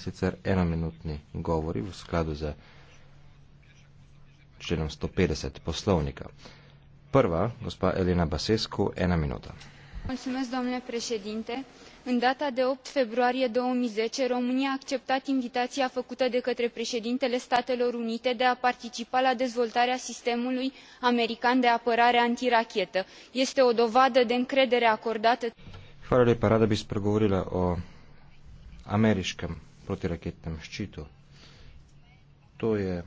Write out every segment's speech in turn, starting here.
sicer enominutni govori v skladu z členom 150 poslovnika. Prva, gospa Elena Basescu, ena minuta. Mulțumesc, domnule președinte. În data de 8 februarie 2010, România a acceptat invitația făcută de către președintele Statelor Unite de a participa la dezvoltarea sistemului american de apărare antirachetă. Este o dovadă de încredere acordată. Fără reparat, abis pregovorile o americkem protiraketnem ščitu. To je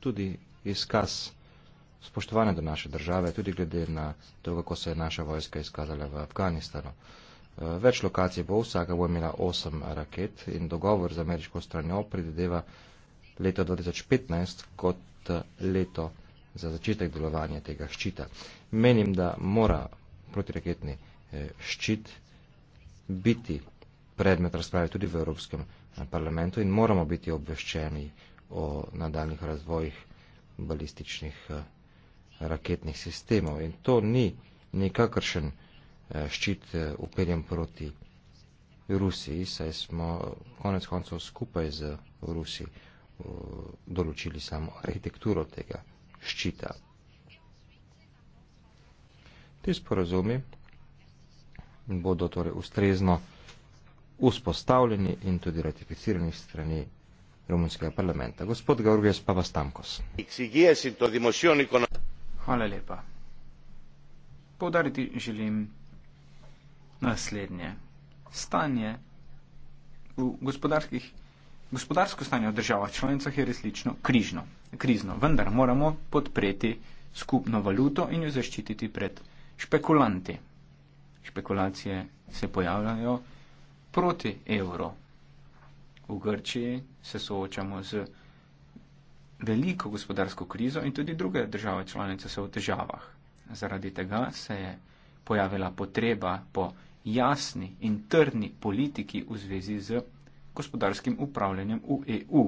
tudi izkaz spoštovanja do naše države, tudi glede na to, kako se je naša vojska izkazala v Afganistanu. Eh, več lokacij bo, vsaka bo imela 8 raket in dogovor z ameriško stranjo predvideva leto 2015 kot eh, leto za začetek delovanja tega ščita. Menim, da mora protiraketni eh, ščit biti predmet razprave tudi v Evropskem eh, parlamentu in moramo biti obveščeni o nadaljnih razvojih balističnih eh, raketnih sistemov. In to ni nikakršen eh, ščit upeljen proti Rusiji, saj smo konec koncev skupaj z Rusi določili samo arhitekturo tega ščita. Ti sporazumi bodo torej ustrezno vzpostavljeni in tudi ratificirani strani Romunskega parlamenta. Gospod Gaurgijas Papastamkos. Hvala lepa. Povdariti želim naslednje. Stanje v gospodarskih Gospodarsko stanje v državah članicah je resnično križno, krizno, vendar moramo podpreti skupno valuto in jo zaščititi pred špekulanti. Špekulacije se pojavljajo proti evru. V Grčiji se soočamo z veliko gospodarsko krizo in tudi druge države članice so v težavah. Zaradi tega se je pojavila potreba po jasni in trdni politiki v zvezi z gospodarskim upravljanjem v EU.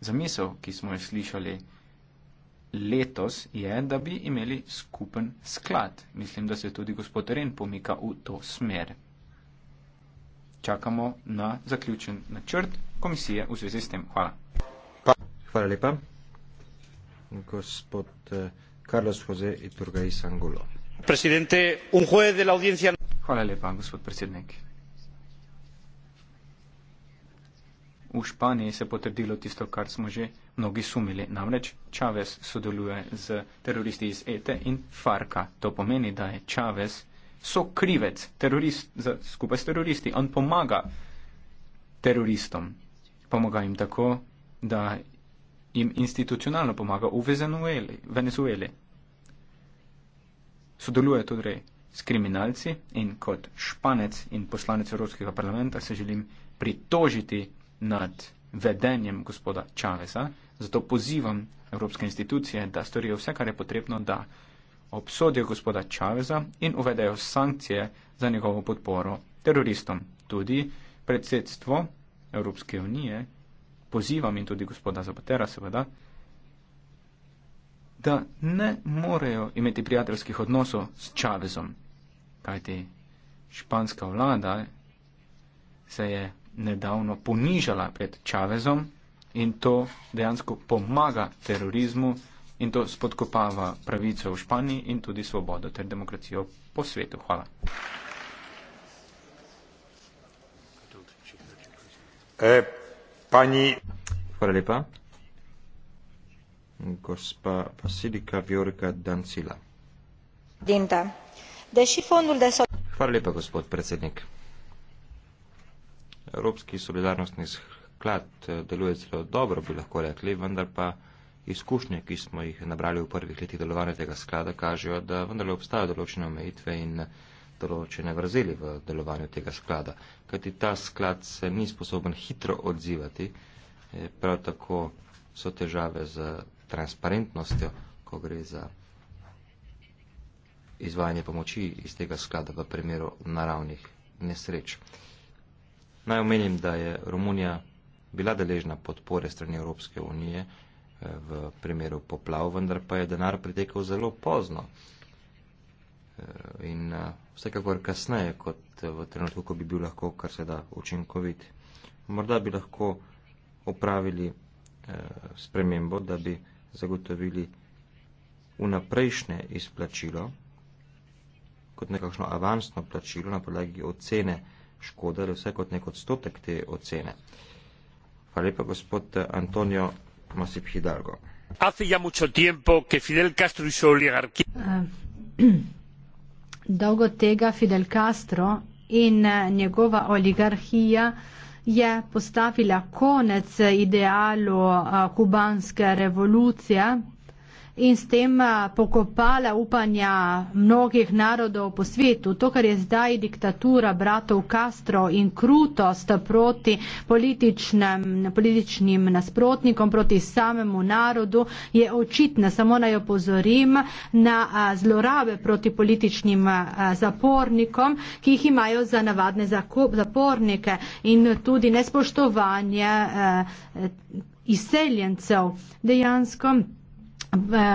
Zamisel, ki smo jo slišali, letos je, da bi imeli skupen sklad. Mislim, da se tudi gospod Ren pomika v to smer. Čakamo na zaključen načrt komisije v zvezi s tem. Hvala. Hvala lepa. Gospod eh, Carlos Jose Iturgaiz Angulo. Hvala lepa, gospod predsednik. V Španiji se je potrdilo tisto, kar smo že mnogi sumili. Namreč Čavez sodeluje z teroristi iz ETE in Farka. To pomeni, da je Čavez sokrivec terorist, za, skupaj s teroristi. On pomaga teroristom. Pomaga jim tako, da jim institucionalno pomaga v Venezueli. Venezueli. Sodeluje tudi torej s kriminalci in kot španec in poslanec Evropskega parlamenta se želim pritožiti nad vedenjem gospoda Čaveza, Zato pozivam evropske institucije, da storijo vse, kar je potrebno, da obsodijo gospoda Čaveza in uvedejo sankcije za njegovo podporo teroristom. Tudi predsedstvo Evropske unije pozivam in tudi gospoda Zapatera seveda, da ne morejo imeti prijateljskih odnosov s Čavezom, kajti španska vlada se je nedavno ponižala pred Čavezom, in to dejansko pomaga terorizmu in to spodkopava pravice v Španiji in tudi svobodo ter demokracijo po svetu. Hvala. E, pani... Hvala lepa. Gospa Vasilika Vjorka Dancila. Dinta. Deși fondul de Hvala lepa, gospod predsednik. Evropski solidarnostni sklad eh, deluje zelo dobro, bi lahko rekli, vendar pa izkušnje, ki smo jih nabrali v prvih letih delovanja tega sklada, kažejo, da vendarle obstajajo določene omejitve in eh, določene vrzeli v delovanju tega sklada. Kajti ta sklad se ni sposoben hitro odzivati, eh, prav tako so težave z transparentnostjo, ko gre za izvajanje pomoči iz tega sklada v primeru naravnih nesreč. Naj omenim, da je Romunija bila deležna podpore strani Evropske unije eh, v primeru poplav, vendar pa je denar pritekel zelo pozno. Eh, in eh, vsekakor kasneje, kot v trenutku, ko bi bil lahko kar se da učinkovit. Morda bi lahko opravili spremembo, da bi zagotovili vnaprejšnje izplačilo, kot nekakšno avansno plačilo na podlagi ocene škode, da vse kot nek odstotek te ocene. Hvala lepa, gospod Antonijo Masip Hidalgo. Eh, dolgo tega Fidel Castro in eh, njegova oligarhija je postavila konec idealu eh, kubanske revolucije in s tem pokopala upanja mnogih narodov po svetu. To, kar je zdaj diktatura bratov Castro in krutost proti političnim, političnim nasprotnikom, proti samemu narodu, je očitna. Samo naj opozorim na zlorabe proti političnim zapornikom, ki jih imajo za navadne zapornike in tudi nespoštovanje iseljencev dejansko.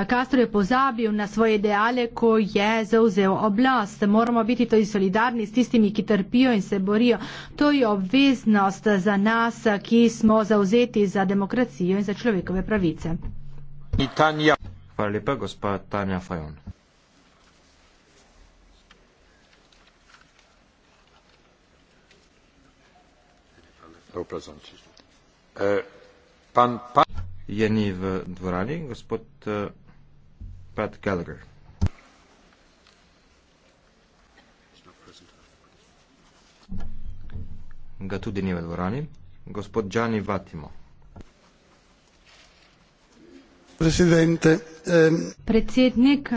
Castro je pozabil na svoje ideale, ko je zauzel oblast. Moramo biti tudi torej solidarni s tistimi, ki trpijo in se borijo. To je obveznost za nas, ki smo zauzeti za demokracijo in za človekove pravice. Itanja. Hvala lepa, gospa Tanja Fajon. Uh, pan, pan je ni v dvorani, gospod eh, Pat Gallagher. Ga tudi ni v dvorani, gospod Gianni Vatimo. Ehm, Predsednik,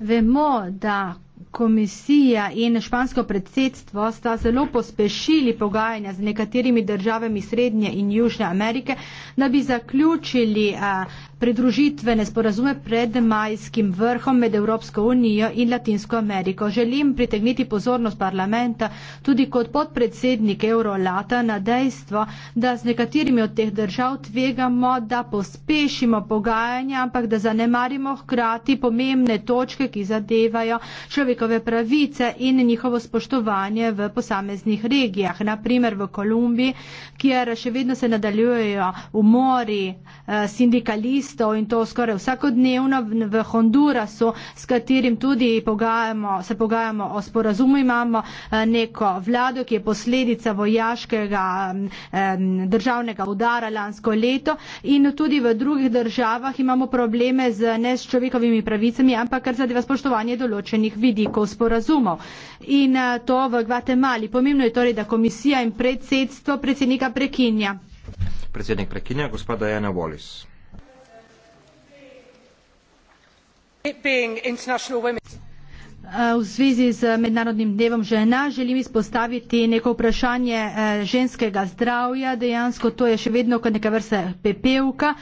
vemo, da komisija in špansko predsedstvo sta zelo pospešili pogajanja z nekaterimi državami Srednje in Južne Amerike, da bi zaključili a, pridružitvene sporazume pred majskim vrhom med Evropsko unijo in Latinsko Ameriko. Želim pritegniti pozornost parlamenta tudi kot podpredsednik Eurolata na dejstvo, da z nekaterimi od teh držav tvegamo, da pospešimo pogajanja, ampak da zanemarimo hkrati pomembne točke, ki zadevajo človekove pravice in njihovo spoštovanje v posameznih regijah. Naprimer v Kolumbiji, kjer še vedno se nadaljujejo umori eh, sindikalistov, isto in to skoraj vsakodnevno v Hondurasu, s katerim tudi pogajamo, se pogajamo o sporazumu. Imamo eh, neko vlado, ki je posledica vojaškega mm, državnega udara lansko leto in tudi v drugih državah imamo probleme z nečovekovimi pravicami, ampak kar zadeva spoštovanje določenih vidikov sporazumov. In eh, to v Gvatemali. Pomembno je torej, da komisija in predsedstvo predsednika prekinja. Predsednik prekinja, gospod Dajana Wallis. it being international women's day. Eh, v zvezi z mednarodnim dnevom žena želim izpostaviti neko vprašanje eh, ženskega zdravja. Dejansko to je še vedno kot neka vrsta pepevka.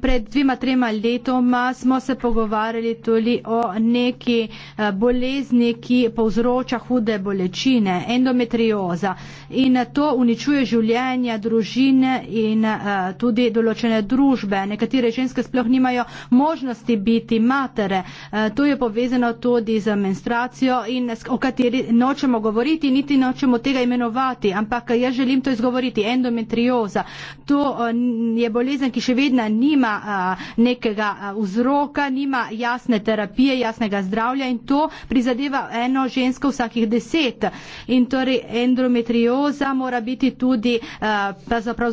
Pred dvima, trema letoma smo se pogovarjali tudi o neki eh, bolezni, ki povzroča hude bolečine, endometrioza. In to uničuje življenja, družine in tudi določene družbe. Nekatere ženske sploh nimajo možnosti biti matere. To je povezano tudi z menstruacijo frustracijo, in, o kateri nočemo govoriti, niti nočemo tega imenovati, ampak jaz želim to izgovoriti. Endometrioza. To eh, je bolezen, ki še vedno nima eh, nekega eh, vzroka, nima jasne terapije, jasnega zdravja in to prizadeva eno žensko vsakih deset. In torej endometrioza mora biti tudi pravzaprav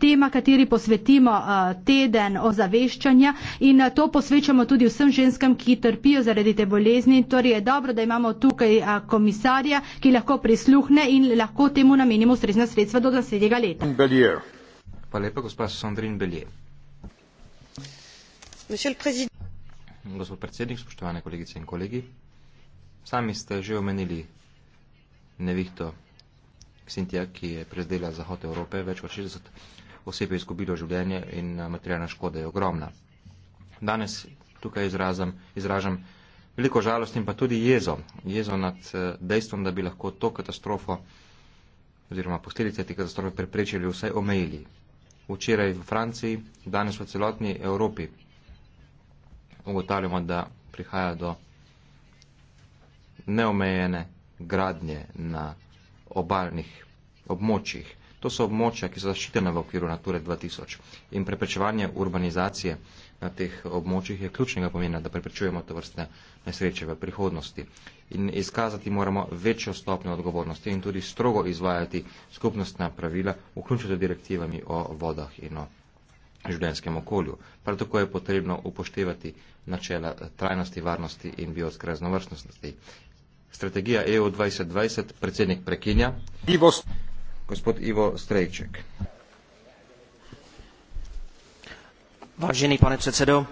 tema, kateri posvetimo teden ozaveščanja in to posvečamo tudi vsem ženskam, ki trpijo zaradi te bolezni pojasnili, torej je dobro, da imamo tukaj a, komisarja, ki lahko prisluhne in lahko temu namenimo srednja sredstva do naslednjega leta. Belier. Hvala lepa, gospa Sandrin Belje. Gospod predsednik, spoštovane kolegice in kolegi, sami ste že omenili nevihto Ksintija, ki je prezdela Zahod Evrope, več kot 60 oseb je izgubilo življenje in materialna škoda je ogromna. Danes tukaj izrazam, izražam veliko žalost in pa tudi jezo. Jezo nad eh, dejstvom, da bi lahko to katastrofo oziroma posledice te katastrofe preprečili, vsaj omejili. Včeraj v Franciji, danes v celotni Evropi ugotavljamo, da prihaja do neomejene gradnje na obalnih območjih. To so območja, ki so zaščitena v okviru Nature 2000 in preprečevanje urbanizacije na teh območjih je ključnega pomena, da preprečujemo to vrste nesreče v prihodnosti. In izkazati moramo večjo stopnjo odgovornosti in tudi strogo izvajati skupnostna pravila, vključno z direktivami o vodah in o življenskem okolju. Prav tako je potrebno upoštevati načela trajnosti, varnosti in biotske raznovrstnosti. Strategija EU 2020, predsednik prekinja. Ivo... Gospod Ivo Strejček. Vážený pane předsedo,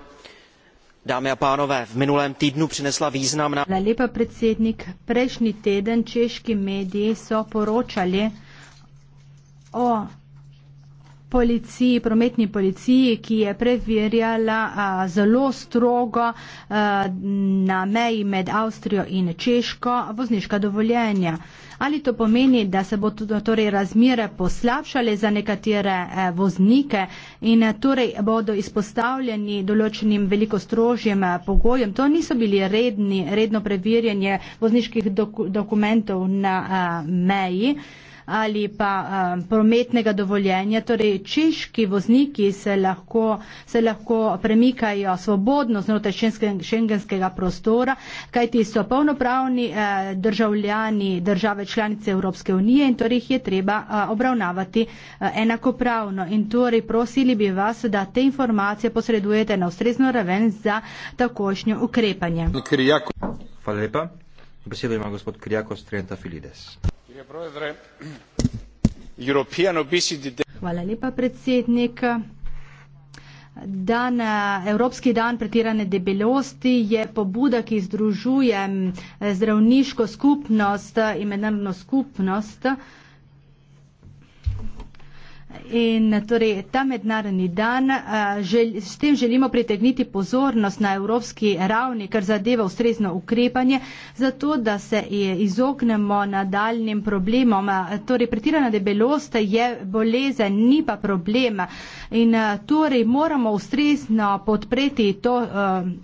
dámy a pánové, v minulém týdnu přinesla významná... La lepa predsednik, prejšnji teden češki mediji so poročali o policiji, prometni policiji, ki je preverjala zelo strogo na meji med Avstrijo in Češko vozniška dovoljenja. Ali to pomeni, da se bo torej razmire poslabšale za nekatere voznike in torej bodo izpostavljeni določenim veliko strožjem pogojem? To niso bili redni, redno preverjanje vozniških dok dokumentov na a, meji ali pa um, prometnega dovoljenja. Torej, češki vozniki se lahko, se lahko premikajo svobodno znotraj šengenskega prostora, kajti so polnopravni eh, državljani države članice Evropske unije in torej jih je treba eh, obravnavati eh, enakopravno. In torej prosili bi vas, da te informacije posredujete na ustrezno raven za takošnjo ukrepanje. Hvala lepa. Besedo ima gospod Krijako Strenta Filides. Hvala lepa, predsednik. Dan, eh, Evropski dan pretirane debelosti je pobuda, ki združuje eh, zdravniško skupnost eh, in mednarodno skupnost. In torej ta mednarodni dan, žel, s tem želimo pritegniti pozornost na evropski ravni, kar zadeva ustrezno ukrepanje, zato da se e, izognemo nadaljnim problemom. Torej, pretirana debelost je bolezen, ni pa problema. In torej moramo ustrezno podpreti to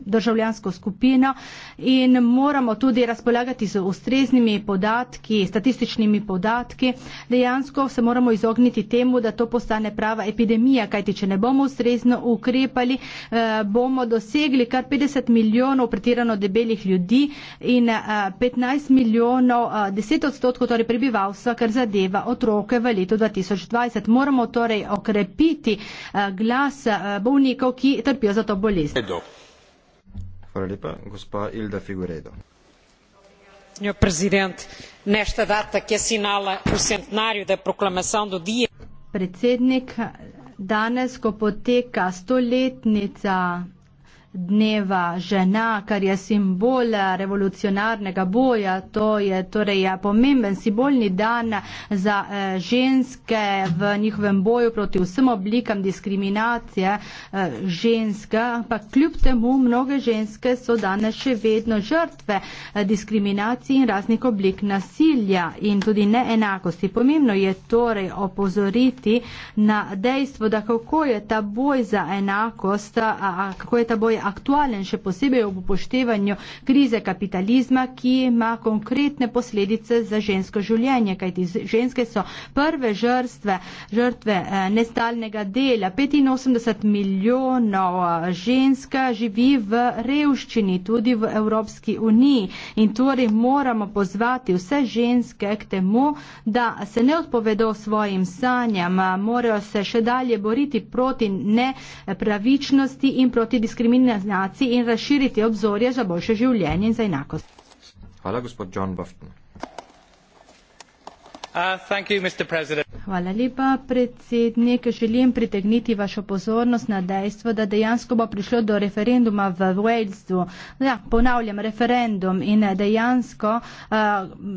državljansko skupino in moramo tudi razpolagati z ustreznimi podatki, statističnimi podatki. Dejansko se moramo izogniti temu, da to to postane prava epidemija, kajti če ne bomo ustrezno ukrepali, eh, bomo dosegli kar 50 milijonov pretirano debelih ljudi in 15 eh, milijonov, 10 eh, odstotkov torej prebivalstva, kar zadeva otroke v letu 2020. Moramo torej okrepiti glas bolnikov, ki trpijo za to bolezen. Hvala lepa, gospa Ilda Figuredo. Senhor Presidente, nesta data que assinala o centenário da proclamação do dia predsednik, danes, ko poteka stoletnica dneva žena, kar je simbol revolucionarnega boja, to je torej je ja, pomemben simbolni dan za eh, ženske v njihovem boju proti vsem oblikam diskriminacije eh, ženske, pa kljub temu mnoge ženske so danes še vedno žrtve eh, diskriminacije in raznih oblik nasilja in tudi neenakosti. Pomembno je torej opozoriti na dejstvo, da kako je ta boj za enakost, a, a, kako je ta boj aktualen, še posebej ob upoštevanju krize kapitalizma, ki ima konkretne posledice za žensko življenje, kajti ženske so prve žrstve, žrtve eh, nestalnega dela. 85 milijonov eh, ženska eh, živi v revščini, tudi v Evropski uniji in torej moramo pozvati vse ženske k temu, da se ne odpovedo svojim sanjam, morajo se še dalje boriti proti nepravičnosti in proti diskriminaciji življenja z naci in razširiti obzorje za boljše življenje in za enakost. Hvala, gospod John Bufton. Uh, Hvala lepa, predsednik. Želim pritegniti vašo pozornost na dejstvo, da dejansko bo prišlo do referenduma v Walesu. Ja, ponavljam, referendum in dejansko uh,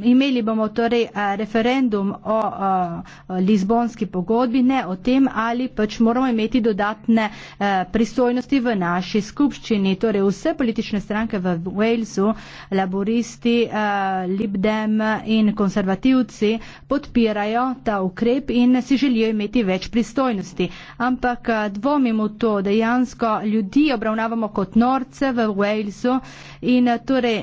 imeli bomo torej uh, referendum o uh, Lizbonski pogodbi, ne o tem, ali pač moramo imeti dodatne uh, pristojnosti v naši skupščini. Torej vse politične stranke v Walesu, laboristi, uh, Libdem in konservativci, podpirajo ta ukrep in si želijo imeti več pristojnosti. Ampak eh, dvomim v to, dejansko ljudi obravnavamo kot norce v Walesu in eh, torej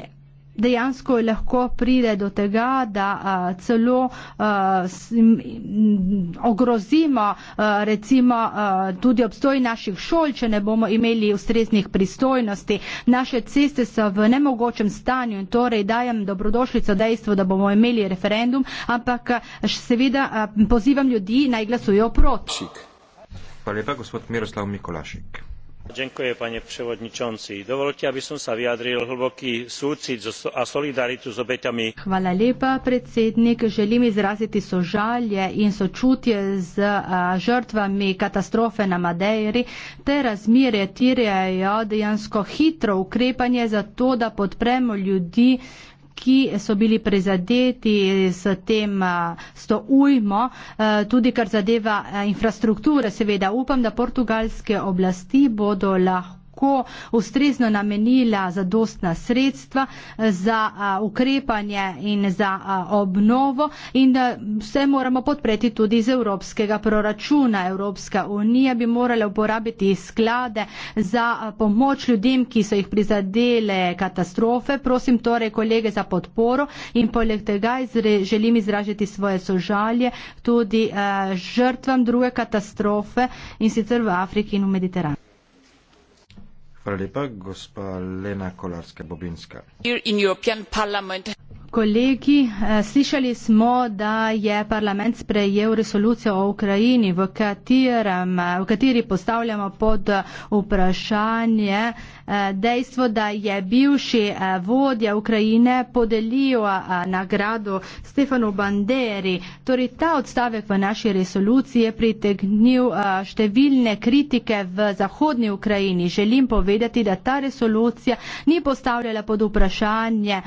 dejansko lahko pride do tega, da a, celo a, s, m, ogrozimo a, recimo a, tudi obstoj naših šol, če ne bomo imeli ustreznih pristojnosti. Naše ceste so v nemogočem stanju in torej dajem dobrodošljico dejstvo, da bomo imeli referendum, ampak seveda a, pozivam ljudi naj glasujejo proti. Hvala lepa, gospod Miroslav Mikolašik dovoľte aby som sa vyjadril hlboký súcit a solidaritu s obeťami Hvala lepa, predsednik. Želim izraziti sožalje in sočutje z žrtvami katastrofe na Madejri. Te razmire tirejo dejansko hitro ukrepanje za to, da podpremo ljudi, ki so bili prizadeti s tem, s to ujmo, tudi kar zadeva infrastrukture. Seveda upam, da portugalske oblasti bodo lahko lahko ustrezno namenila eh, za dostna sredstva, za ukrepanje in za eh, obnovo in eh, vse moramo podpreti tudi iz evropskega proračuna. Evropska unija bi morala uporabiti sklade za pomoč ljudem, ki so jih prizadele katastrofe. Prosim torej kolege za podporo in poleg tega izre, želim izražiti svoje sožalje tudi uh, žrtvam druge katastrofe in sicer v Afriki in v Mediteranu. Hvala lepa, gospa Lena Kolarska-Bobinska kolegi, eh, slišali smo, da je parlament sprejel resolucijo o Ukrajini, v, katerem, eh, v kateri postavljamo pod eh, vprašanje dejstvo, da je bivši vodja Ukrajine podelil nagrado Stefanu Banderi. Torej, ta odstavek v naši resoluciji je pritegnil številne kritike v Zahodni Ukrajini. Želim povedati, da ta resolucija ni postavljala pod vprašanje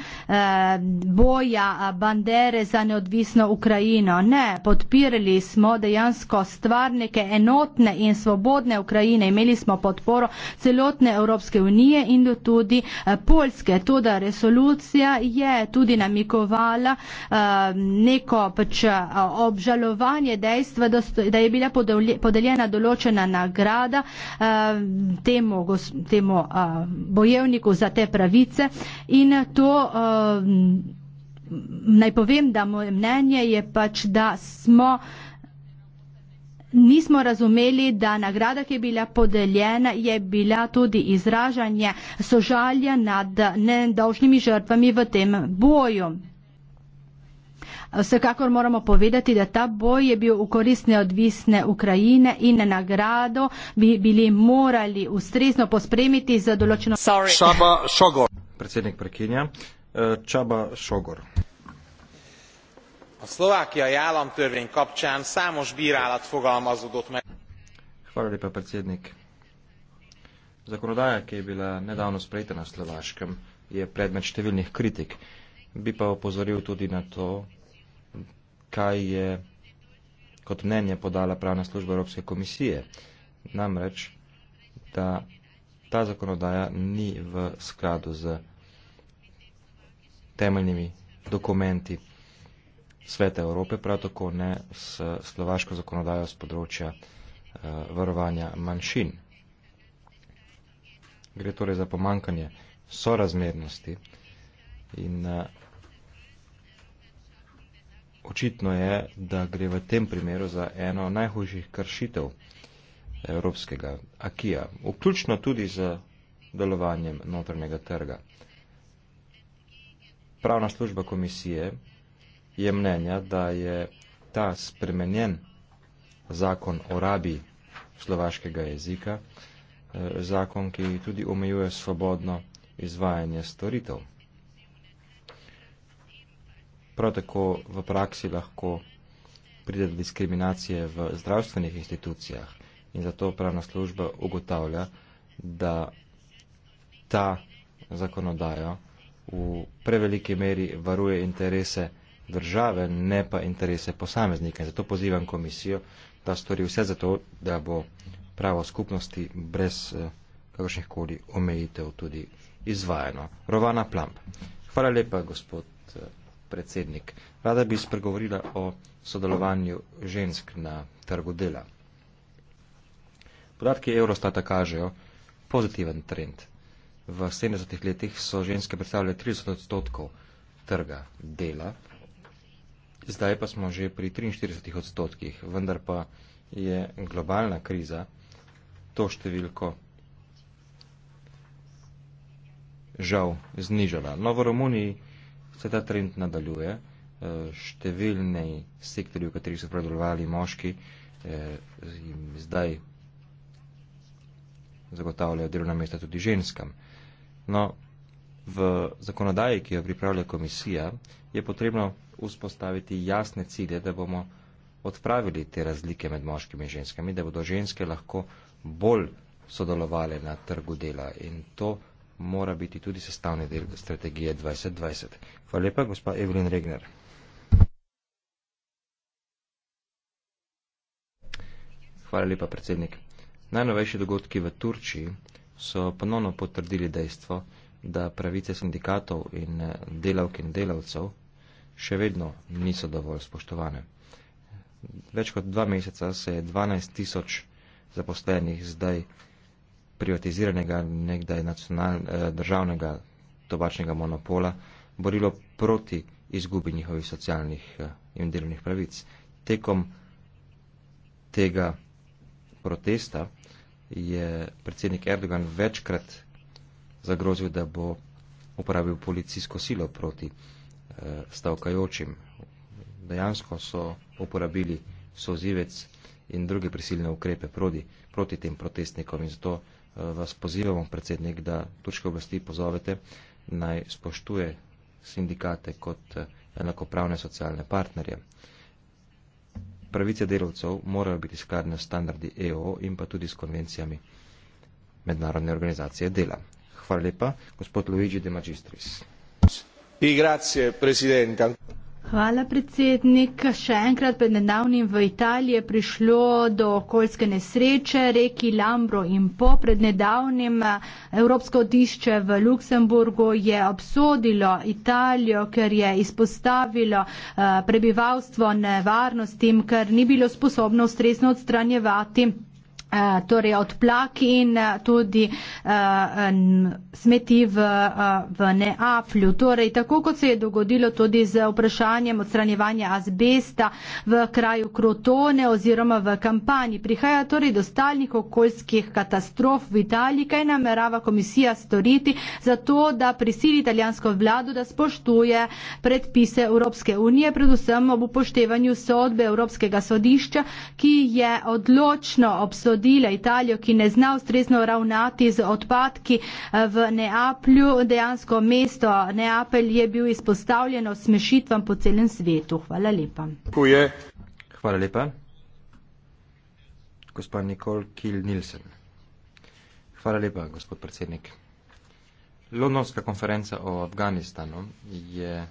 boja bandere za neodvisno Ukrajino. Ne, podpirali smo dejansko stvarnike enotne in svobodne Ukrajine. Imeli smo podporo celotne Evropske unije in tudi Poljske. Tudi resolucija je tudi namikovala neko pač obžalovanje dejstva, da je bila podeljena določena nagrada temu, temu bojevniku za te pravice in to uh, naj povem, da moje mnenje je pač, da smo, nismo razumeli, da nagrada, ki je bila podeljena, je bila tudi izražanje sožalja nad nedolžnimi žrtvami v tem boju. Vsekakor moramo povedati, da ta boj je bil v korist neodvisne Ukrajine in na nagrado bi bili morali ustrezno pospremiti za določeno. Predsednik prekinja a szlovákiai államtörvény kapcsán számos brálat fogalmazódott meg. hvala lepa predsjednik zakonodaja ki je bila nedavno sprejeta na slovaškem je predmet številnih kritik bi pa opozoril tudi na to kaj je kot mnenje podala pravna služba evropske komisije namreč da ta zakonodaja ni v skladu z temeljnimi dokumenti Sveta Evrope, prav tako ne s slovaško zakonodajo z področja uh, varovanja manjšin. Gre torej za pomankanje sorazmernosti in uh, očitno je, da gre v tem primeru za eno najhujših kršitev evropskega akija, vključno tudi z delovanjem notrnega trga pravna služba komisije je mnenja, da je ta spremenjen zakon o rabi slovaškega jezika, eh, zakon, ki tudi omejuje svobodno izvajanje storitev. Prav tako v praksi lahko pride do diskriminacije v zdravstvenih institucijah in zato pravna služba ugotavlja, da ta zakonodajo v preveliki meri varuje interese države, ne pa interese posameznika. Zato pozivam komisijo, da stori vse za to, da bo pravo skupnosti brez eh, kakršnih koli omejitev tudi izvajeno. Rovana Plamp. Hvala lepa, gospod eh, predsednik. Rada bi spregovorila o sodelovanju žensk na trgu dela. Podatki Eurostata kažejo pozitiven trend v 70 letih so ženske predstavljale 30 odstotkov trga dela, zdaj pa smo že pri 43 odstotkih, vendar pa je globalna kriza to številko žal znižala. No, v Romuniji se ta trend nadaljuje, e, številne sektorje, v katerih so predolovali moški, e, zdaj zagotavljajo delovna mesta tudi ženskam. No, v zakonodaji, ki jo pripravlja komisija, je potrebno vzpostaviti jasne cilje, da bomo odpravili te razlike med moškimi in ženskami, da bodo ženske lahko bolj sodelovali na trgu dela in to mora biti tudi sestavni del strategije 2020. Hvala lepa, gospa Evelin Regner. Hvala lepa, predsednik. Najnovejši dogodki v Turčiji so ponovno potrdili dejstvo, da pravice sindikatov in eh, delavk in delavcev še vedno niso dovolj spoštovane. Več kot dva meseca se je 12 tisoč zaposlenih zdaj privatiziranega nekdaj nacional, eh, državnega tobačnega monopola borilo proti izgubi njihovih socialnih eh, in delovnih pravic. Tekom tega protesta je predsednik Erdogan večkrat zagrozil, da bo uporabil policijsko silo proti eh, stavkajočim. Dejansko so uporabili sozivec in druge prisilne ukrepe proti, proti tem protestnikom in zato eh, vas pozivamo, predsednik, da turške oblasti pozovete naj spoštuje sindikate kot eh, enakopravne socialne partnerje pravice delavcev morajo biti skladne s standardi EO in pa tudi s konvencijami mednarodne organizacije dela. Hvala lepa, gospod Luigi De Magistris. Grazie, presidente. Hvala, predsednik. Še enkrat pred nedavnim v Italiji je prišlo do okoljske nesreče, reki Lambro in po pred nedavnim eh, Evropsko odišče v Luksemburgu je obsodilo Italijo, ker je izpostavilo eh, prebivalstvo nevarnostim, ker ni bilo sposobno stresno odstranjevati Eh, torej odplak in eh, tudi eh, smeti v, v Neaflju. Torej, tako kot se je dogodilo tudi z vprašanjem odstranjevanja azbesta v kraju Krotone oziroma v kampanji, prihaja torej do stalnih okoljskih katastrof v Italiji, kaj namerava komisija storiti za to, da prisili italijansko vlado, da spoštuje predpise Evropske unije, predvsem ob upoštevanju sodbe Evropskega sodišča, ki je odločno obsodila obsodila Italijo, ki ne zna ustrezno ravnati z odpadki eh, v Neaplju. Dejansko mesto Neapelj je bil izpostavljeno smešitvam po celem svetu. Hvala lepa. Kuje. Hvala lepa. Gospa Nikol Kil Nilsen. Hvala lepa, gospod predsednik. Londonska konferenca o Afganistanu je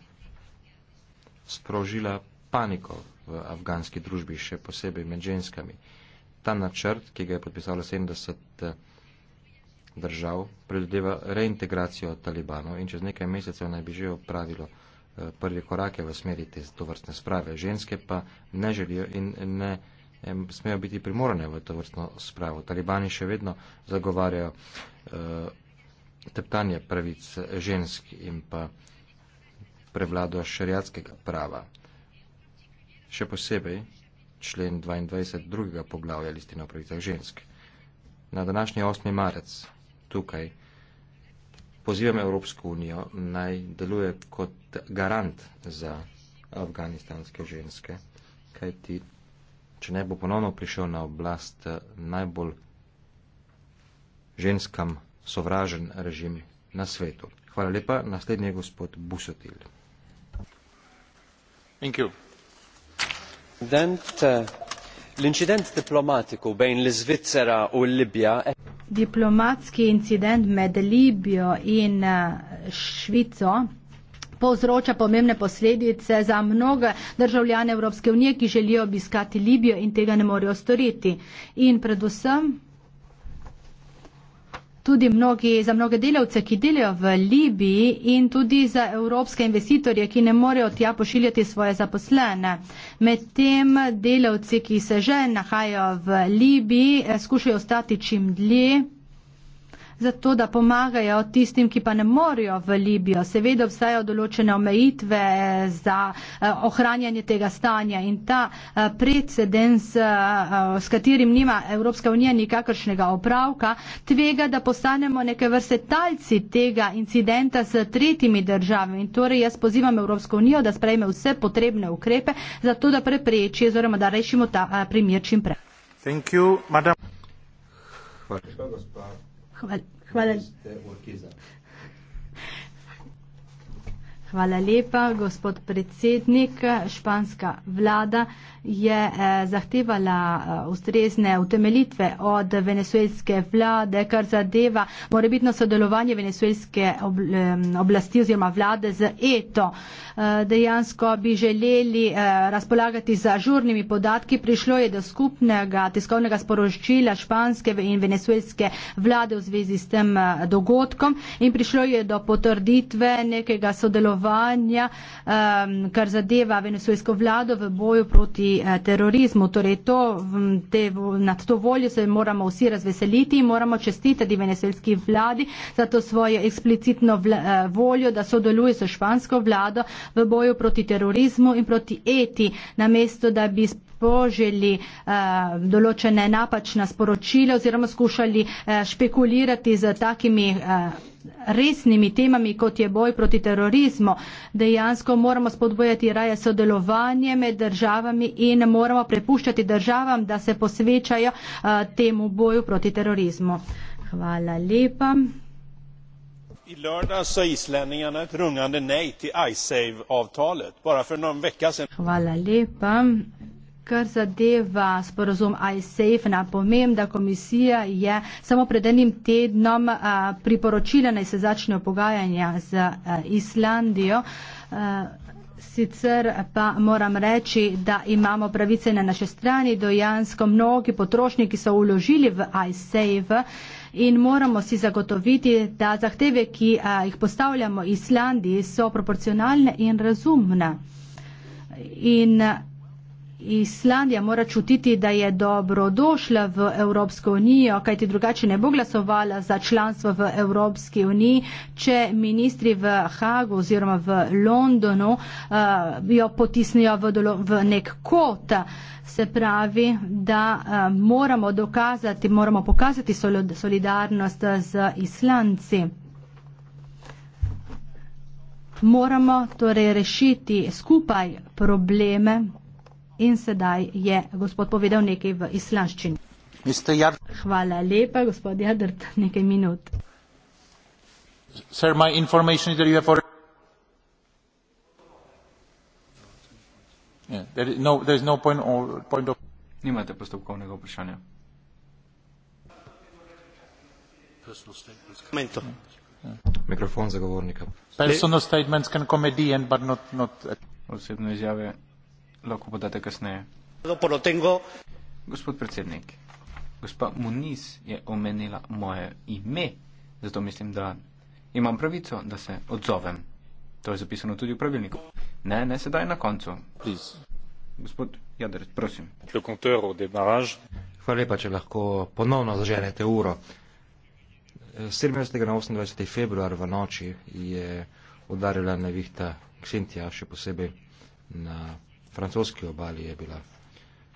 sprožila paniko v afganski družbi, še posebej med ženskami. Uh, ta načrt, ki ga je podpisalo 70 eh, držav, predvideva reintegracijo talibanov in čez nekaj mesecev naj bi že opravilo eh, prvi korake v smeri te to vrstne sprave. Ženske pa ne želijo in ne smejo biti primorane v to vrstno spravo. Talibani še vedno zagovarjajo uh, teptanje pravic žensk in pa prevlado šariatskega prava. Še posebej člen 22. drugega poglavja listine o pravicah žensk. Na današnji 8. marec tukaj pozivam Evropsko unijo naj deluje kot garant za afganistanske ženske, kajti če ne bo ponovno prišel na oblast najbolj ženskam sovražen režim na svetu. Hvala lepa, naslednji je gospod Busotil. Thank you. Eh, l'incident diplomatico between l'Svizzera e Libia Diplomatski incident med Libijo in eh, Švico povzroča pomembne posledice za mnoge državljane Evropske unije, ki želijo obiskati Libijo in tega ne morejo storiti. In predvsem tudi mnogi, za mnoge delavce, ki delajo v Libiji in tudi za evropske investitorje, ki ne morejo tja pošiljati svoje zaposlene. Medtem delavci, ki se že nahajajo v Libiji, eh, skušajo ostati čim dlje zato da pomagajo tistim, ki pa ne morejo v Libijo. Seveda obstajajo določene omejitve eh, za eh, ohranjanje tega stanja in ta eh, precedens, s katerim nima Evropska unija nikakršnega opravka, tvega, da postanemo neke vrste talci tega incidenta s tretjimi državami. In torej jaz pozivam Evropsko unijo, da sprejme vse potrebne ukrepe, zato da prepreči oziroma da rešimo ta primer čim prej. Thank you, madam. Hvala, gospod. Hvala. Hvala lepa, gospod predsednik, španska vlada je eh, zahtevala eh, ustrezne utemelitve od venezuelske vlade, kar zadeva morebitno sodelovanje venezuelske oblasti oziroma vlade z ETO. Eh, dejansko bi želeli razpolagati z ažurnimi podatki. Prišlo je do skupnega tiskovnega sporočila španske in venezuelske vlade v zvezi s tem dogodkom in prišlo je do potrditve nekega sodelovanja, kar zadeva venezuelsko vlado v boju proti Eh, terorizmu. Torej to, te, nad to voljo se moramo vsi razveseliti in moramo čestitati venezuelski vladi za to svojo eksplicitno vla, eh, voljo, da sodeluje s so špansko vlado v boju proti terorizmu in proti eti, namesto da bi poželi eh, določene napačna sporočila oziroma skušali eh, špekulirati z takimi eh, resnimi temami, kot je boj proti terorizmu. Dejansko moramo spodbojati raje sodelovanje med državami in moramo prepuščati državam, da se posvečajo temu boju proti terorizmu. Hvala lepa. I lördag sa islänningarna ett rungande nej till ISAVE-avtalet, bara för någon vecka sedan. Hvala lepa. Kar zadeva sporozum ISAFE, napomem, da komisija je samo pred enim tednom a, priporočila naj se začnejo pogajanja z a, Islandijo. A, Sicer pa moram reči, da imamo pravice na naše strani, dojansko mnogi potrošniki so uložili v iSave in moramo si zagotoviti, da zahteve, ki a, jih postavljamo Islandiji, so proporcionalne in razumne. In, a, Islandija mora čutiti, da je dobrodošla v Evropsko unijo, kajti drugače ne bo glasovala za članstvo v Evropski uniji, če ministri v Hagu oziroma v Londonu uh, jo potisnijo v, dolo, v nek kot. Se pravi, da uh, moramo dokazati, moramo pokazati solidarnost z Islandci. Moramo torej rešiti skupaj probleme in sedaj je gospod povedal nekaj v islamščini. Hvala lepa, gospod Jadrt, nekaj minut. Sir, my information is that you have already... Yeah, there, is no, there is no point, or point of... Nimate postopkovnega vprašanja. Yeah. Mikrofon zagovornika. Personal statements can come at the end, but not... not at... Osebne izjave lahko podate kasneje. Gospod predsednik, gospa Muniz je omenila moje ime, zato mislim, da imam pravico, da se odzovem. To je zapisano tudi v pravilniku. Ne, ne sedaj na koncu. Please. Gospod Jadrec, prosim. Hvala lepa, če lahko ponovno zaženete uro. 17. na 28. februar v noči je udarila nevihta Ksintija, še posebej na francoski obali je bila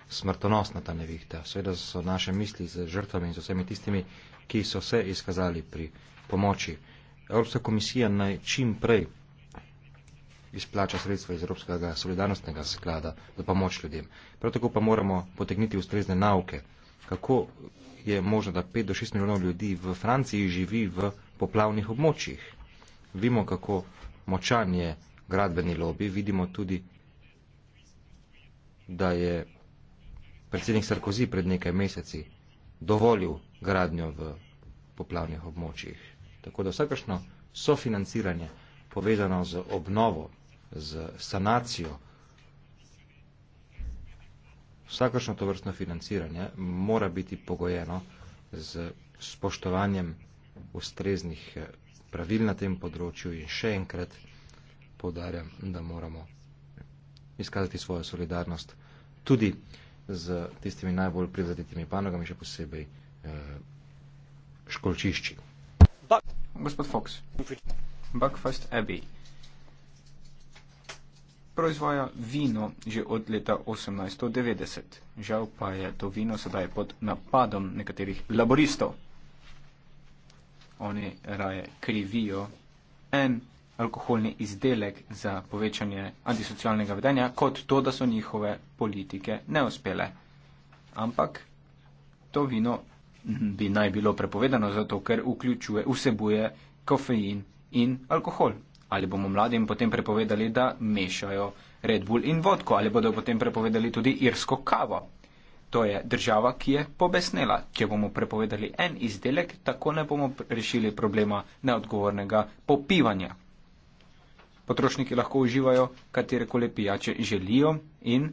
smrtonosna ta nevihta. Seveda so naše misli z žrtvami in z vsemi tistimi, ki so se izkazali pri pomoči. Evropska komisija naj čim prej izplača sredstva iz Evropskega solidarnostnega sklada za pomoč ljudem. Prav tako pa moramo potegniti ustrezne nauke, kako je možno, da 5 do 6 milijonov ljudi v Franciji živi v poplavnih območjih. Vimo, kako močan je gradbeni lobby, vidimo tudi, da je predsednik Sarkozy pred nekaj meseci dovolil gradnjo v poplavnih območjih. Tako da vsakršno sofinanciranje povezano z obnovo, z sanacijo, vsakršno to vrstno financiranje mora biti pogojeno z spoštovanjem ustreznih pravil na tem področju in še enkrat podarjam, da moramo izkazati svojo solidarnost tudi z tistimi najbolj prizadetimi panogami, še posebej eh, školčišči. Buck. Gospod Fox, Buckfast Abbey proizvaja vino že od leta 1890. Žal pa je to vino sedaj pod napadom nekaterih laboristov. Oni raje krivijo en alkoholni izdelek za povečanje antisocialnega vedenja, kot to, da so njihove politike neuspele. Ampak to vino bi naj bilo prepovedano, zato ker vključuje, vsebuje kofein in alkohol. Ali bomo mladim potem prepovedali, da mešajo Red Bull in vodko, ali bodo potem prepovedali tudi irsko kavo. To je država, ki je pobesnela. Če bomo prepovedali en izdelek, tako ne bomo rešili problema neodgovornega popivanja potrošniki lahko uživajo katerekoli pijače želijo in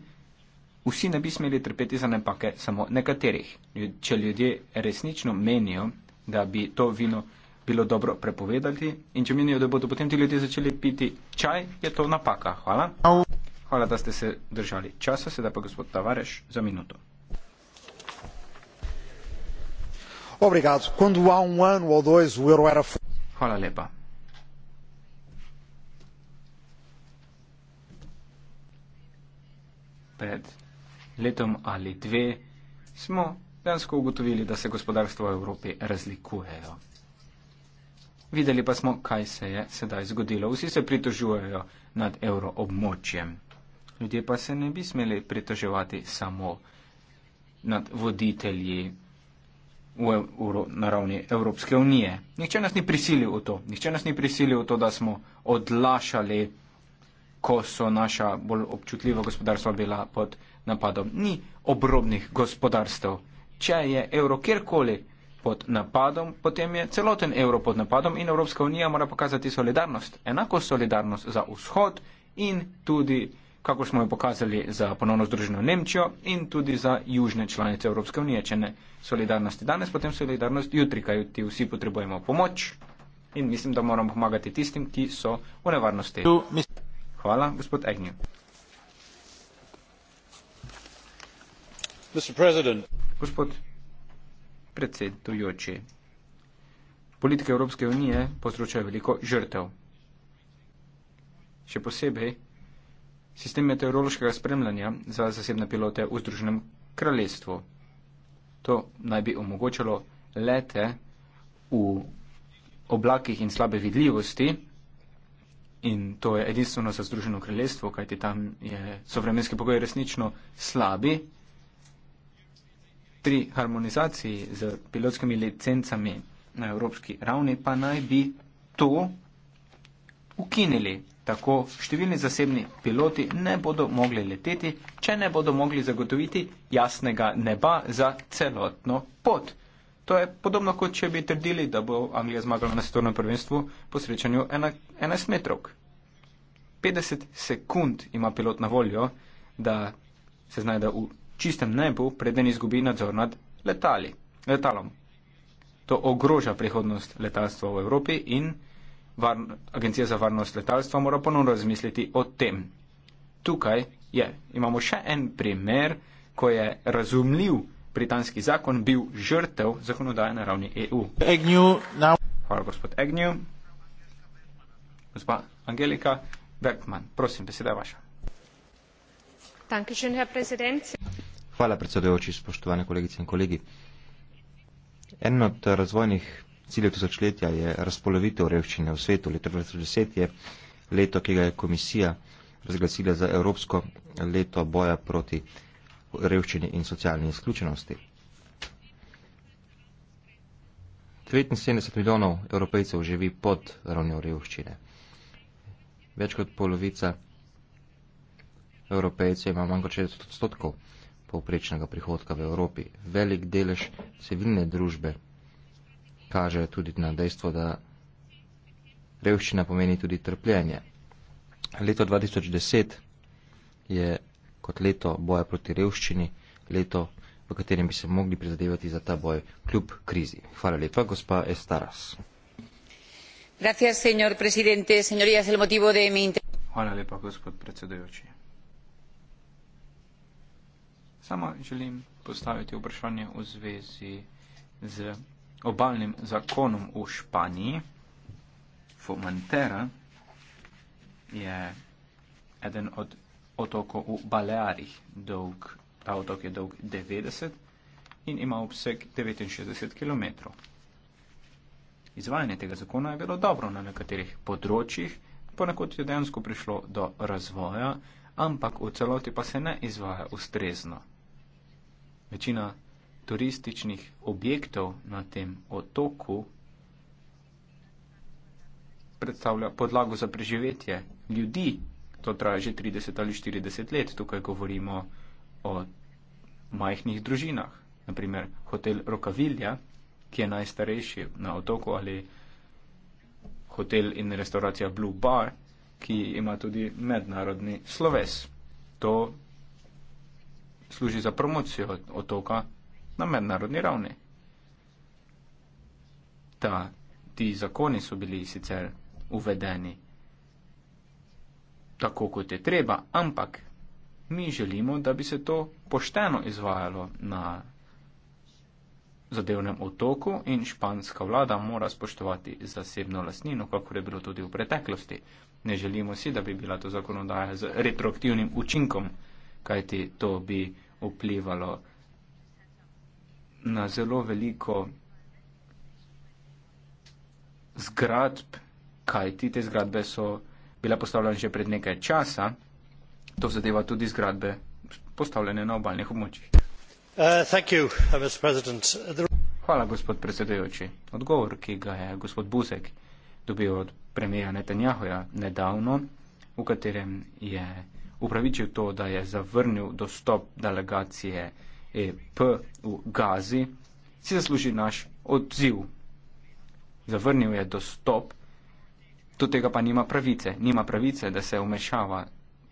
vsi ne bi smeli trpeti za napake samo nekaterih. Če ljudje resnično menijo, da bi to vino bilo dobro prepovedati in če menijo, da bodo potem ti ljudje začeli piti čaj, je to napaka. Hvala. Hvala, da ste se držali časa, sedaj pa gospod Tavareš za minuto. Obrigado. Quando há um ano ou dois, o euro era. Hvala lepa. pred letom ali dve, smo dejansko ugotovili, da se gospodarstvo v Evropi razlikujejo. Videli pa smo, kaj se je sedaj zgodilo. Vsi se pritožujejo nad euroobmočjem. Ljudje pa se ne bi smeli pritoževati samo nad voditelji v, v, na ravni Evropske unije. Nihče nas ni prisilil v to, nihče nas ni prisilil v to, da smo odlašali ko so naša bolj občutljiva gospodarstva bila pod napadom. Ni obrobnih gospodarstv. Če je evro kjerkoli pod napadom, potem je celoten evro pod napadom in Evropska unija mora pokazati solidarnost. Enako solidarnost za vzhod in tudi, kako smo jo pokazali za ponovno združeno Nemčijo in tudi za južne članice Evropske unije. Če ne solidarnosti danes, potem solidarnost jutri, kaj ti vsi potrebujemo pomoč. In mislim, da moramo pomagati tistim, ki so v nevarnosti. Tu, mislim... Hvala, gospod Agnew. Gospod predsedujoči, politike Evropske unije povzročajo veliko žrtev. Še posebej sistem meteorološkega spremljanja za zasebne pilote v Združenem kraljestvu. To naj bi omogočalo lete v oblakih in slabe vidljivosti in to je edinstveno za Združeno kraljestvo, kajti tam je, so vremenski pogoji resnično slabi. Pri harmonizaciji z pilotskimi licencami na evropski ravni pa naj bi to ukinili. Tako številni zasebni piloti ne bodo mogli leteti, če ne bodo mogli zagotoviti jasnega neba za celotno pot. To je podobno, kot če bi trdili, da bo Anglija zmagala na svetovnem prvenstvu po srečanju 11 metrov. 50 sekund ima pilot na voljo, da se znajde v čistem nebu, preden izgubi nadzor nad letali, letalom. To ogroža prihodnost letalstva v Evropi in varno, Agencija za varnost letalstva mora ponovno razmisliti o tem. Tukaj je. Imamo še en primer, ko je razumljiv britanski zakon bil žrtev zakonodaje na ravni EU. Agnew, Hvala, gospod Egnjo. Gospa Angelika Bergman, prosim, beseda je vaša. Hvala, predsedujoči, spoštovane kolegice in kolegi. En od razvojnih ciljev tisočletja je razpolovitev revščine v svetu. Leto 2010 je leto, ki ga je komisija razglasila za Evropsko leto boja proti revščini in socialni izključenosti. 79 milijonov evropejcev živi pod ravnjo revščine. Več kot polovica evropejcev ima manj kot 60 odstotkov povprečnega prihodka v Evropi. Velik delež civilne družbe kaže tudi na dejstvo, da revščina pomeni tudi trpljenje. Leto 2010 je kot leto boja proti revščini, leto, v katerem bi se mogli prizadevati za ta boj kljub krizi. Hvala lepa, gospa Estaras. Gracias, señor presidente. Señorías, el motivo de mi Hvala lepa, gospod predsedujoči. Samo želim postaviti vprašanje v zvezi z obalnim zakonom v Španiji. Fomentera je eden od otoku v Balearih. Dolg, ta otok je dolg 90 in ima obseg 69 km. Izvajanje tega zakona je bilo dobro na nekaterih področjih, ponekod je dejansko prišlo do razvoja, ampak v celoti pa se ne izvaja ustrezno. Večina turističnih objektov na tem otoku predstavlja podlago za preživetje ljudi to traja že 30 ali 40 let. Tukaj govorimo o majhnih družinah. Naprimer, hotel Rokavilja, ki je najstarejši na otoku, ali hotel in restauracija Blue Bar, ki ima tudi mednarodni sloves. To služi za promocijo otoka na mednarodni ravni. Ta, ti zakoni so bili sicer uvedeni tako, kot je treba, ampak mi želimo, da bi se to pošteno izvajalo na zadevnem otoku in španska vlada mora spoštovati zasebno lasnino, kako je bilo tudi v preteklosti. Ne želimo si, da bi bila to zakonodaja z retroaktivnim učinkom, kajti to bi vplivalo na zelo veliko zgradb, kajti te zgradbe so bila postavljena že pred nekaj časa. To zadeva tudi zgradbe postavljene na obaljnih območjih. Uh, uh, Hvala, gospod predsedujoči. Odgovor, ki ga je gospod Buzek dobil od premijeja Netanjahoja nedavno, v katerem je upravičil to, da je zavrnil dostop delegacije EP v Gazi, si zasluži naš odziv. Zavrnil je dostop do tega pa nima pravice. Nima pravice, da se umešava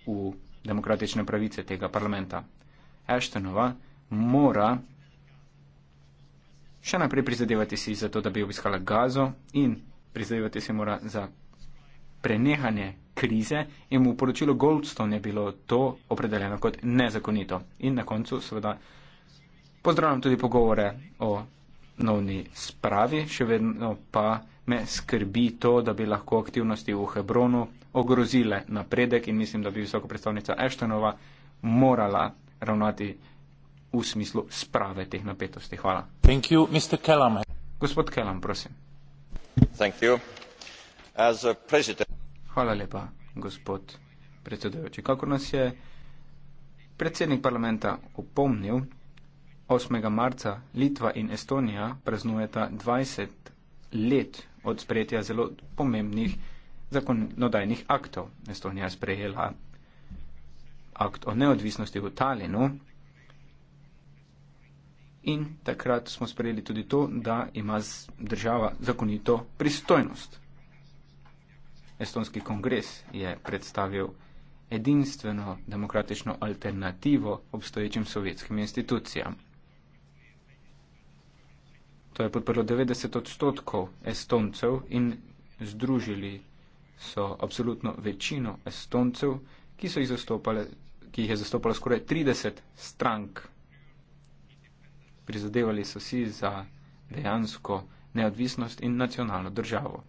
v demokratične pravice tega parlamenta. Ashtonova mora še naprej prizadevati si za to, da bi obiskala gazo in prizadevati se mora za prenehanje krize in v poročilu Goldstone je bilo to opredeljeno kot nezakonito. In na koncu seveda pozdravljam tudi pogovore o novni spravi, še vedno pa me skrbi to, da bi lahko aktivnosti v Hebronu ogrozile napredek in mislim, da bi visoko predstavnica Eštenova morala ravnati v smislu sprave teh napetosti. Hvala. Thank you, Mr. Kellam. Gospod Kellam, prosim. Thank you. As a president... Hvala lepa, gospod predsedujoči. Kako nas je predsednik parlamenta opomnil, 8. marca Litva in Estonija praznujeta 20 let od sprejetja zelo pomembnih zakonodajnih aktov. Estonija je sprejela akt o neodvisnosti v Talinu in takrat smo sprejeli tudi to, da ima država zakonito pristojnost. Estonski kongres je predstavil edinstveno demokratično alternativo obstoječim sovjetskim institucijam. To je podprlo 90 odstotkov estoncev in združili so absolutno večino estoncev, ki, so jih, ki jih je zastopalo skoraj 30 strank. Prizadevali so si za dejansko neodvisnost in nacionalno državo.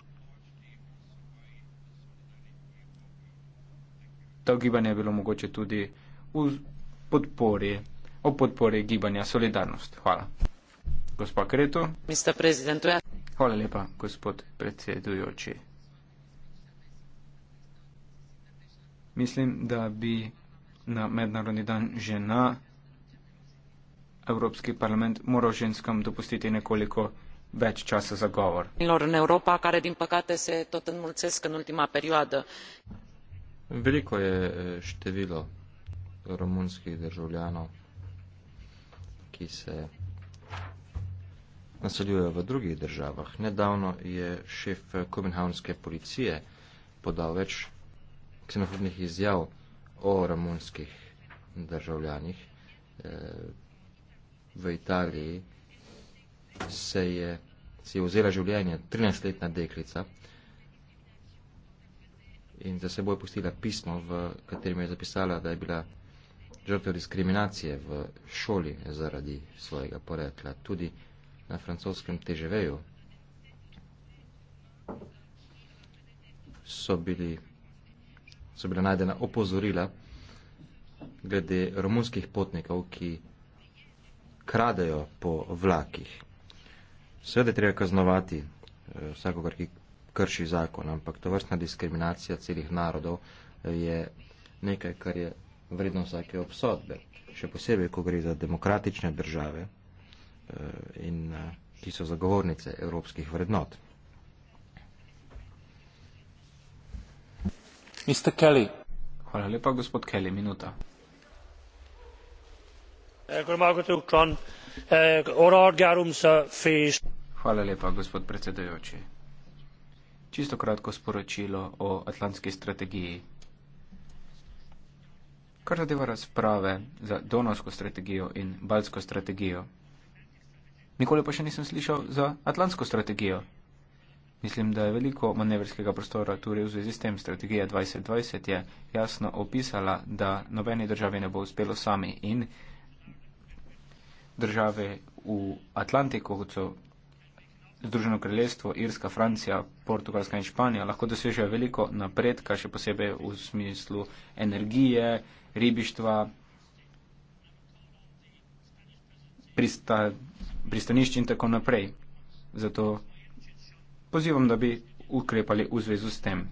To gibanje je bilo mogoče tudi v podpori, o podpori gibanja Solidarnost. Hvala. Gospa Kreto. Ja. Hvala lepa, gospod predsedujoči. Mislim, da bi na mednarodni dan žena Evropski parlament moral ženskam dopustiti nekoliko več časa za govor. Veliko je e, število romunskih državljanov, ki se naseljujejo v drugih državah. Nedavno je šef kopenhavnske policije podal več ksenofobnih izjav o romunskih državljanih. E, v Italiji se je, si je vzela življenje 13-letna deklica in za seboj pustila pismo, v katerem je zapisala, da je bila žrtev diskriminacije v šoli zaradi svojega porekla. Tudi на французском Тежевею, собили, собили найдена опозорила glede romunskih potnikov, ki kradejo po vlakih. Seveda je treba kaznovati eh, vsakogar, ki krši zakon, ampak to vrstna diskriminacija celih narodov eh, je nekaj, kar je vredno vsake obsodbe. Še posebej, ko gre za demokratične države, Eh, in eh, ki so zagovornice evropskih vrednot. Mr. Kelly. Hvala lepa, gospod Kelly. Minuta. Hvala lepa, gospod predsedujoči. Čisto kratko sporočilo o atlantski strategiji. Kar zadeva razprave za donorsko strategijo in balsko strategijo, Nikoli pa še nisem slišal za atlantsko strategijo. Mislim, da je veliko manevrskega prostora tudi v zvezi s tem. Strategija 2020 je jasno opisala, da nobeni državi ne bo uspelo sami in države v Atlantiku, kot so Združeno kraljestvo, Irska, Francija, Portugalska in Španija, lahko dosežejo veliko napredka, še posebej v smislu energije, ribištva, pristajanja pristanišč in tako naprej. Zato pozivam, da bi ukrepali v zvezu s tem.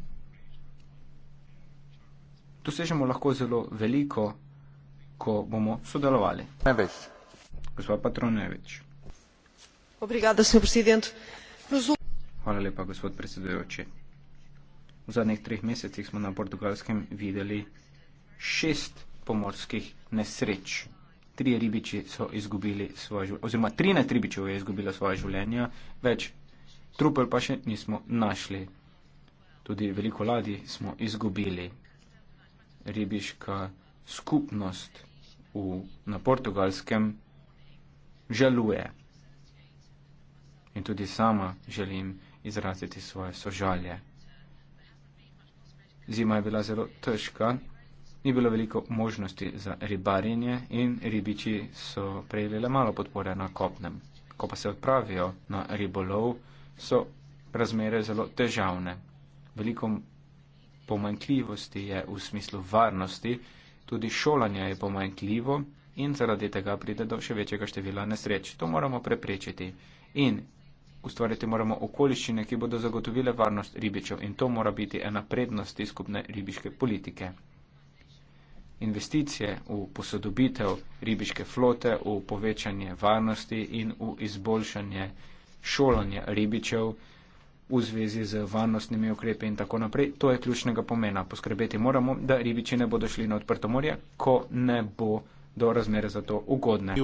Dosežemo lahko zelo veliko, ko bomo sodelovali. Največ. Gospod Patronevič. Obrigada, sem president. Hvala lepa, gospod predsedujoči. V zadnjih treh mesecih smo na Portugalskem videli šest pomorskih nesreč tri ribiči so izgubili svoje življenje, oziroma 13 ribičev je izgubilo svoje življenje, več trupel pa še nismo našli. Tudi veliko ladij smo izgubili. Ribiška skupnost v, na portugalskem žaluje. In tudi sama želim izraziti svoje sožalje. Zima je bila zelo težka, ni bilo veliko možnosti za ribarjenje in ribiči so prejeli le malo podpore na kopnem. Ko pa se odpravijo na ribolov, so razmere zelo težavne. Veliko pomankljivosti je v smislu varnosti, tudi šolanje je pomankljivo in zaradi tega pride do še večjega števila nesreč. To moramo preprečiti in ustvariti moramo okoliščine, ki bodo zagotovile varnost ribičev in to mora biti ena prednosti skupne ribiške politike investicije v posodobitev ribiške flote, v povečanje varnosti in v izboljšanje šolanja ribičev v zvezi z varnostnimi ukrepi in tako naprej. To je ključnega pomena. Poskrbeti moramo, da ribiči ne bodo šli na odprto morje, ko ne bo do razmere za to ugodne.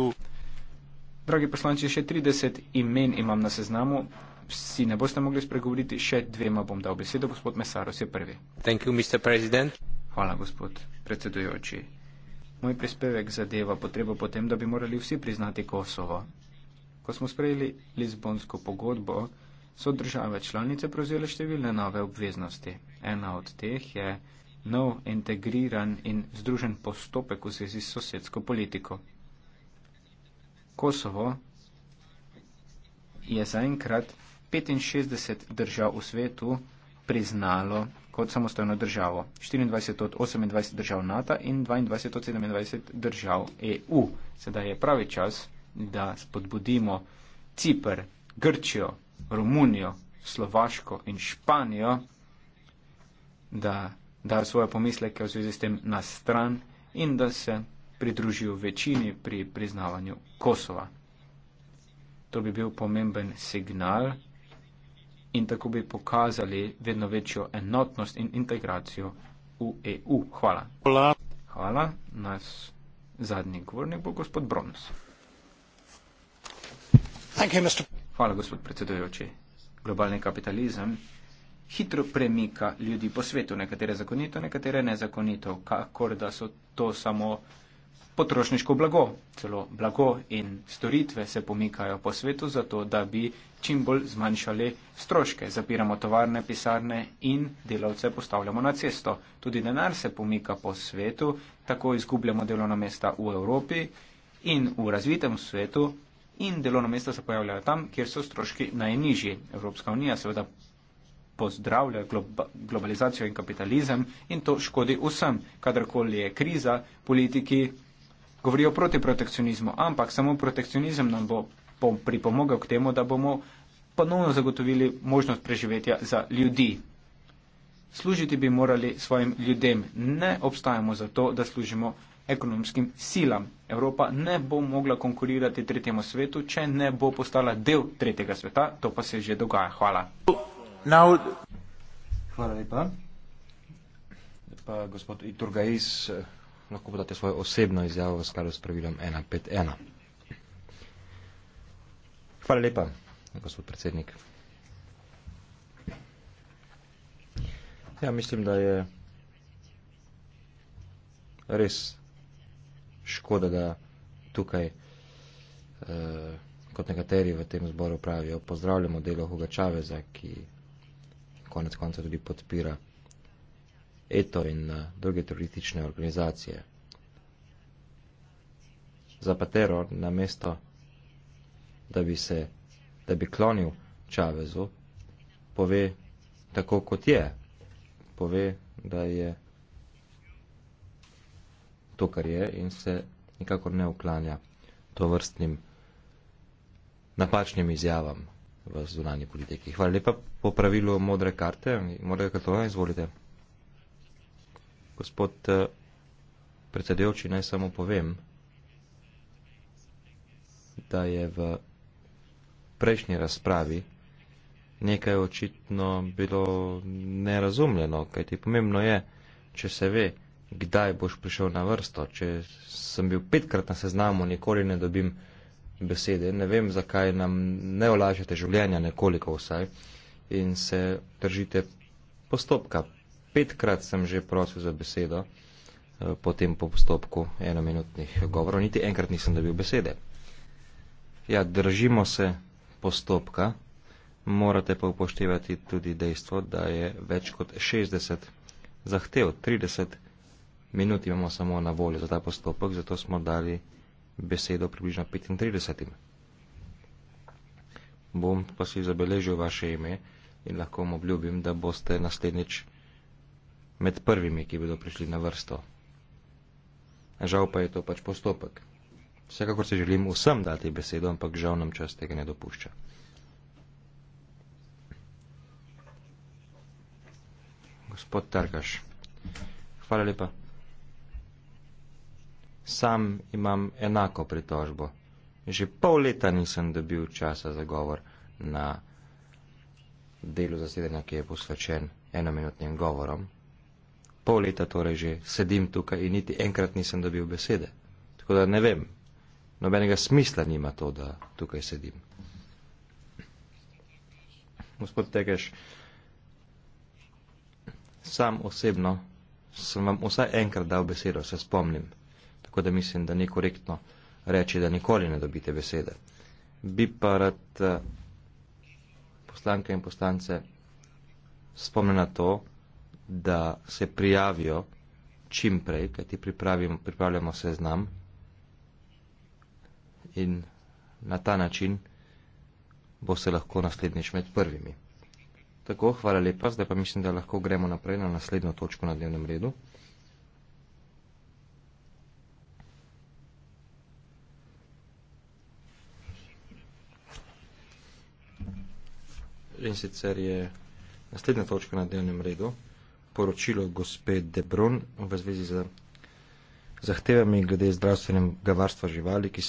Dragi poslanci, še 30 imen imam na seznamu. Vsi ne boste mogli spregovoriti, še dvema bom dal besedo. Gospod Mesaros je prvi. Thank you, Mr. President. Hvala, gospod predsedujoči. Moj prispevek zadeva potrebo potem, da bi morali vsi priznati Kosovo. Ko smo sprejeli Lizbonsko pogodbo, so države članice prevzele številne nove obveznosti. Ena od teh je nov integriran in združen postopek v zvezi s sosedsko politiko. Kosovo je zaenkrat 65 držav v svetu priznalo kot samostojno državo. 24 od 28 držav NATO in 22 od 27 držav EU. Sedaj je pravi čas, da spodbudimo Cipr, Grčijo, Romunijo, Slovaško in Španijo, da dajo svoje pomisleke v zvezi s tem na stran in da se pridružijo večini pri priznavanju Kosova. To bi bil pomemben signal in tako bi pokazali vedno večjo enotnost in integracijo v EU. Hvala. Hvala. Hvala. Nas zadnji govornik bo gospod Brons. Hvala, gospod predsedujoči. Globalni kapitalizem hitro premika ljudi po svetu, nekatere zakonito, nekatere nezakonito, kakor da so to samo potrošniško blago. Celo blago in storitve se pomikajo po svetu zato, da bi čim bolj zmanjšali stroške. Zapiramo tovarne, pisarne in delavce postavljamo na cesto. Tudi denar se pomika po svetu, tako izgubljamo delovna mesta v Evropi in v razvitem svetu in delovna mesta se pojavljajo tam, kjer so stroški najnižji. Evropska unija seveda pozdravlja globa, globalizacijo in kapitalizem in to škodi vsem. Kadarkoli je kriza, politiki govorijo proti protekcionizmu, ampak samo protekcionizem nam bo pripomogel k temu, da bomo ponovno zagotovili možnost preživetja za ljudi. Služiti bi morali svojim ljudem. Ne obstajamo zato, da služimo ekonomskim silam. Evropa ne bo mogla konkurirati tretjemu svetu, če ne bo postala del tretjega sveta. To pa se že dogaja. Hvala. Hvala lepa. Pa gospod Iturgais lahko podate svojo osebno izjavo v skladu s pravilom 151. Hvala lepa, gospod predsednik. Ja, mislim, da je res škoda, da tukaj, eh, kot nekateri v tem zboru pravijo, pozdravljamo delo Huga Čaveza, ki konec konca tudi podpira ETO in eh, druge teroristične organizacije. Zapatero namesto, da bi se, da bi klonil Čavezu, pove tako, kot je. Pove, da je to, kar je in se nikakor ne uklanja to vrstnim napačnim izjavam v zunanji politiki. Hvala lepa po pravilu modre karte. Modre karte, izvolite. Gospod eh, predsedujoči, naj samo povem, da je v prejšnji razpravi nekaj očitno bilo nerazumljeno, kajti pomembno je, če se ve, kdaj boš prišel na vrsto. Če sem bil petkrat na seznamu, nikoli ne dobim besede. Ne vem, zakaj nam ne olažete življenja nekoliko vsaj in se držite postopka, petkrat sem že prosil za besedo eh, po tem postopku enominutnih govorov, niti enkrat nisem dobil besede. Ja, držimo se postopka, morate pa upoštevati tudi dejstvo, da je več kot 60 zahtev, 30 minut imamo samo na voljo za ta postopek, zato smo dali besedo približno 35. Bom pa si zabeležil vaše ime in lahko vam obljubim, da boste naslednjič med prvimi, ki bodo prišli na vrsto. Žal pa je to pač postopek. Vsekakor se želim vsem dati besedo, ampak žal nam čas tega ne dopušča. Gospod Targaš, hvala lepa. Sam imam enako pritožbo. Že pol leta nisem dobil časa za govor na delu zasedanja, ki je posvečen enominutnim govorom, pol leta torej že sedim tukaj in niti enkrat nisem dobil besede. Tako da ne vem, nobenega smisla nima to, da tukaj sedim. Gospod Tekeš, sam osebno sem vam vsaj enkrat dal besedo, se spomnim, tako da mislim, da ni korektno reči, da nikoli ne dobite besede. Bi pa rad eh, poslanke in poslance spomnil na to, da se prijavijo čim prej, kajti pripravljamo seznam in na ta način bo se lahko naslednjič med prvimi. Tako, hvala lepa, zdaj pa mislim, da lahko gremo naprej na naslednjo točko na dnevnem redu. In sicer je naslednja točka na dnevnem redu poročilo gospe Debron v zvezi z zahtevami glede zdravstvenega varstva živali, ki so